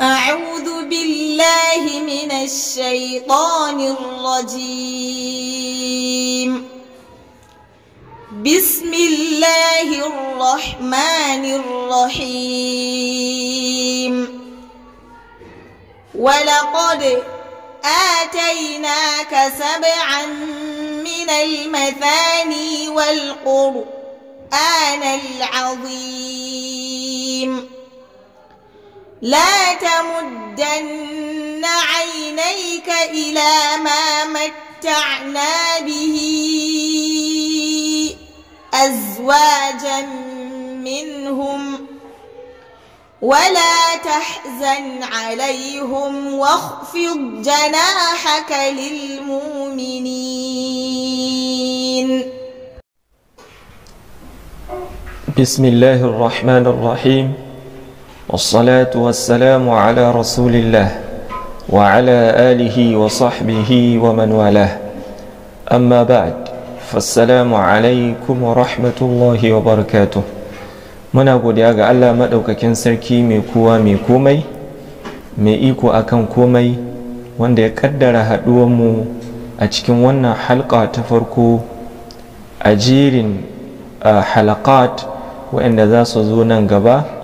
أعوذ بالله من الشيطان الرجيم بسم الله الرحمن الرحيم ولقد آتيناك سبعا من المثاني والقرآن العظيم لا تمدن عينيك إلى ما متعنا به أزواجا منهم ولا تحزن عليهم واخفض جناحك للمؤمنين بسم الله الرحمن الرحيم والصلاة والسلام على رسول الله وعلى آله وصحبه ومن والاه أما بعد فالسلام عليكم ورحمة الله وبركاته muna godiya ga Allah maɗaukakin sarki mai kowa mai komai mai iko akan komai wanda ya ƙaddara mu a cikin wannan halka ta farko a jirin halakat waɗanda za su zo nan gaba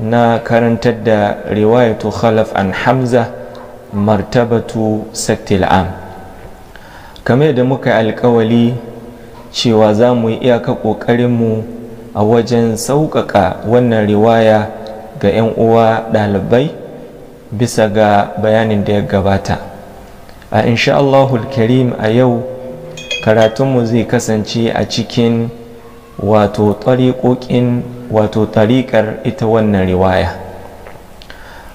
na karantar da riwayatu khalaf an hamza martabatu saktil am kamar da muka alkawali cewa za mu yi iyaka ƙoƙarinmu a wajen sauƙaƙa wannan riwaya ga 'yan uwa ɗalibai bisa ga bayanin da ya gabata a insha'allahul karim a yau karatunmu zai kasance a cikin wato tsariƙoƙin wato tariƙar ita wannan riwaya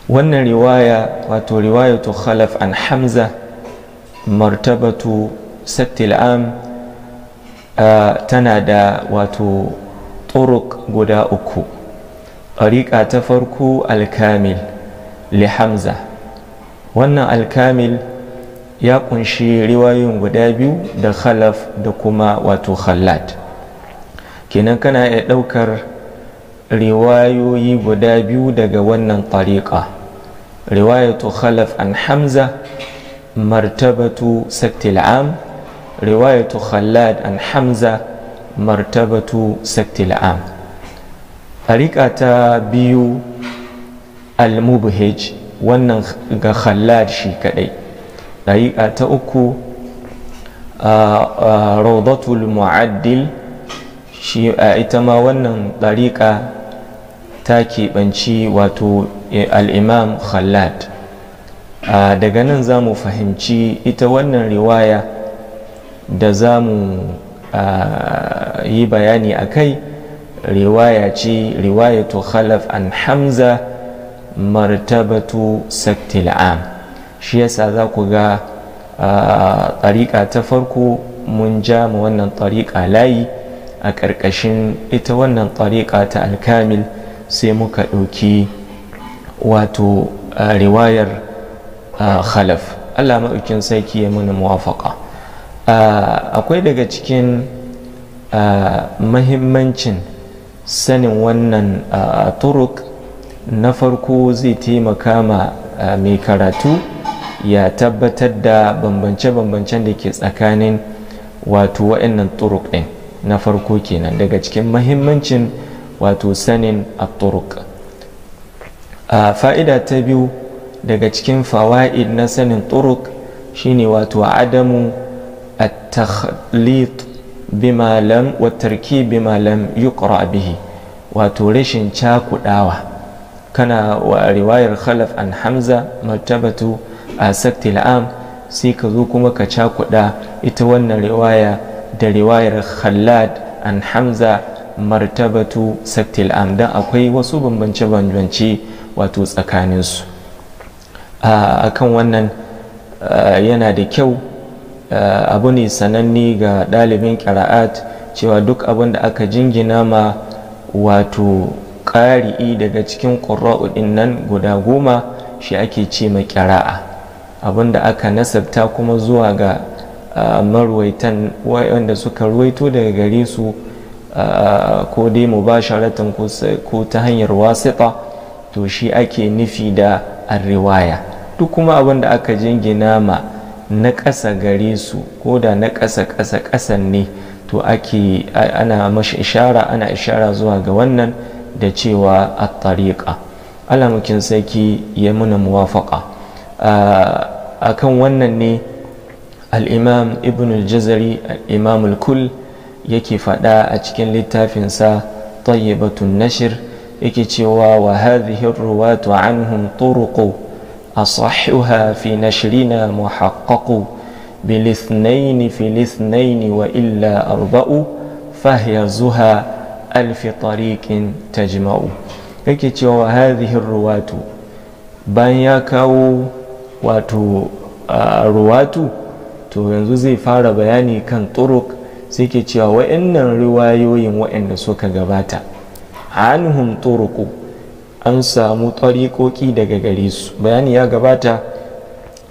wannan riwaya wato to khalaf an hamza martabatu sattil am tana da wato turuk guda uku ɗariƙa ta farko alkamil li hamza wannan alkamil ya kunshi riwayoyin guda biyu da khalaf da kuma wato khalat kenan kana iya ɗaukar riwayoyi guda biyu daga wannan tariƙa riwayatu khalaf an hamza martabatu saktil am riwayatu khallad an hamza martabatu saktil am tariƙa ta biyu almubhij wannan ga khallad shi kadai tariƙa ta uku raudatul mu'addil shi a ita ma wannan ɗariƙa ta keɓanci wato e, al'imam khallad daga nan za mu fahimci ita wannan riwaya da za mu yi bayani a kai riwaya ce riwayatu khalaf an hamza martabatu saktil shi yasa za ku ga ɗariƙa ta farko mun ja mu wannan ɗariƙa layi a ƙarƙashin ita wannan tariƙa ta alkamil sai muka ɗauki wato riwayar khalaf allah maɗaukin sarki ya mana muwafaka akwai daga cikin mahimmancin sanin wannan turuk na farko zai taimaka ma mai karatu ya tabbatar da bambance-bambancen da ke tsakanin wato waɗannan turuk ɗin na farko kenan daga cikin mahimmancin wato sanin at-turuq a fa'ida ta biyu daga cikin fawa'id na sanin turuq shine wato adamu at-takhlit bima lam wa tarkib bima lam yuqra bihi wato rashin cakudawa kana wa riwayar khalaf an hamza martabatu a saktil am sai ka zo kuma ka cakuda ita wannan riwaya da riwayar khalad an hamza martabatu saktil am dan akwai wasu bambance-bambance wato tsakaninsu a kan wannan yana da kyau abu ne sananni ga ɗalibin ƙara'at cewa duk abin da aka jingina ma wato ƙari'i daga cikin ƙura'uɗin nan guda goma shi ake ce ma ƙira'a abin da aka nasabta kuma zuwa ga marwaitan wanda suka ruwaito daga gare su ko dai mubasharatan ko ta hanyar wasiƙa to shi ake nufi da arriwaya duk kuma abin da aka jingina ma na ƙasa gare su ko da na ƙasa ƙasa ƙasan ne to ake ana mashi ishara ana ishara zuwa ga wannan da cewa a tariƙa alamukin sarki ya muna muwafaƙa a kan wannan ne الإمام ابن الجزري الإمام الكل يكي فدا أتكن سا طيبة النشر يكي تشوا وهذه الرواة عنهم طرق أصحها في نشرنا محقق بالاثنين في الاثنين وإلا أربأ فهي زها ألف طريق تجمع يكي تشوا هذه الرواة بان يكاو واتو آه رواتو to yanzu zai fara bayani kan turuk sai ke cewa wa'annan riwayoyin wa'anda suka gabata anhum turuku an samu ɗariƙoƙi daga gare su bayani ya gabata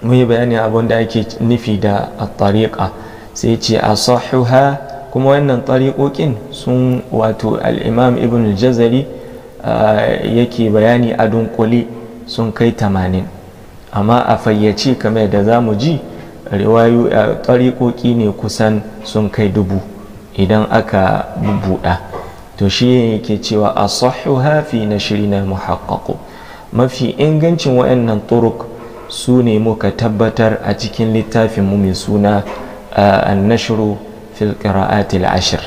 mun yi bayani abin da ake nufi da tariƙa sai ce a sahuha kuma wannan tariƙoƙin sun wato al'imam ibn jazari yake bayani a dunkule sun kai tamanin amma a fayyace kamar da za mu ji riwayu a tsarikoki ne kusan sun kai dubu idan aka bubuɗa to shi yake cewa a hafi na shiri na muhaƙaƙo mafi ingancin waɗannan turuk su ne muka tabbatar a cikin littafin mu mai suna annashiru fil qira'atil ashir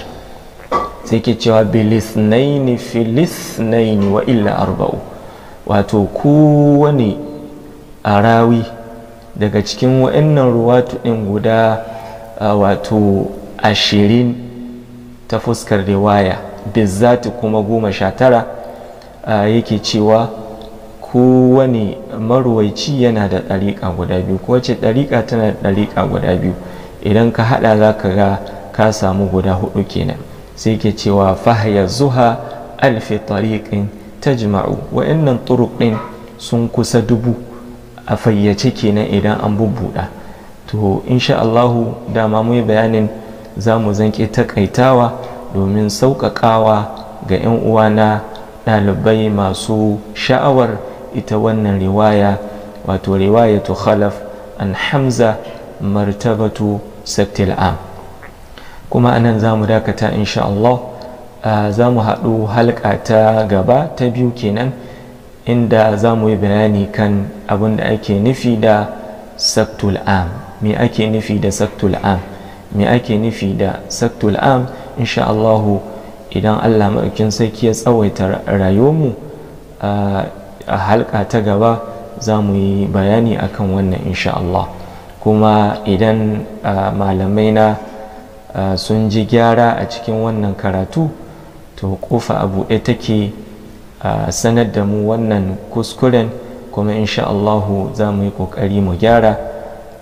sai ke cewa bilisnaini filisnaini wa illa arba'u wato kowane arawi daga cikin wa'annan ruwatu ɗin guda ah, wato ashirin ta fuskar riwaya bizzati kuma goma sha tara ah, yake cewa kowane marwaici yana da ɗariƙa guda biyu wace ɗariƙa tana da ɗariƙa guda biyu idan ka haɗa za ka ga ka samu guda hudu kenan sai ke cewa fahaya zuha alfi ta jima'u wa'annan turuk ɗin sun kusa dubu a fayyace kenan idan an bubbuɗa to insha Allahu dama mu bayanin za mu zanke takaitawa domin sauƙaƙawa ga 'yan uwa na ɗalibai masu sha'awar ita wannan riwaya wato riwaya riwayatu khalaf an hamza martabatu saktil am kuma anan za mu dakata insha Allah ah, za mu haɗu halka ta gaba ta biyu kenan inda za mu yi bayani kan abin da ake nufi da saktul am me ake nufi da saktul am me ake nufi da saktul am insha Allahu idan Allah maɗaukin sarki ya tsawaita rayuwarmu a halka ta gaba za mu yi bayani akan wannan insha Allah kuma idan malamai na sun ji gyara a cikin wannan karatu to kofa a buɗe take sanar da mu wannan kuskuren kuma insha Allahu za mu yi ƙoƙari mu gyara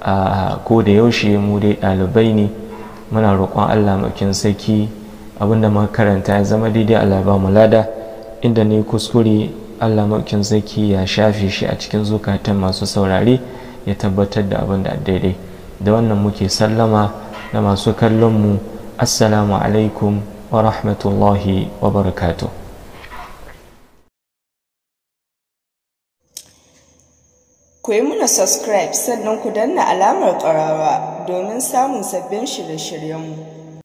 a ko da yaushe mu dai ɗalibai ne muna roƙon Allah makin saki abinda muka karanta ya zama daidai Allah ba mu lada inda ne kuskure Allah makin saki ya shafe shi a cikin zukatan masu saurare ya tabbatar da abin da daidai da wannan muke sallama da masu kallon mu assalamu alaikum wa rahmatullahi wa barakatuh Ku yi muna subscribe sannan ku danna alamar ƙararwa domin samun sabbin shirye-shiryenmu.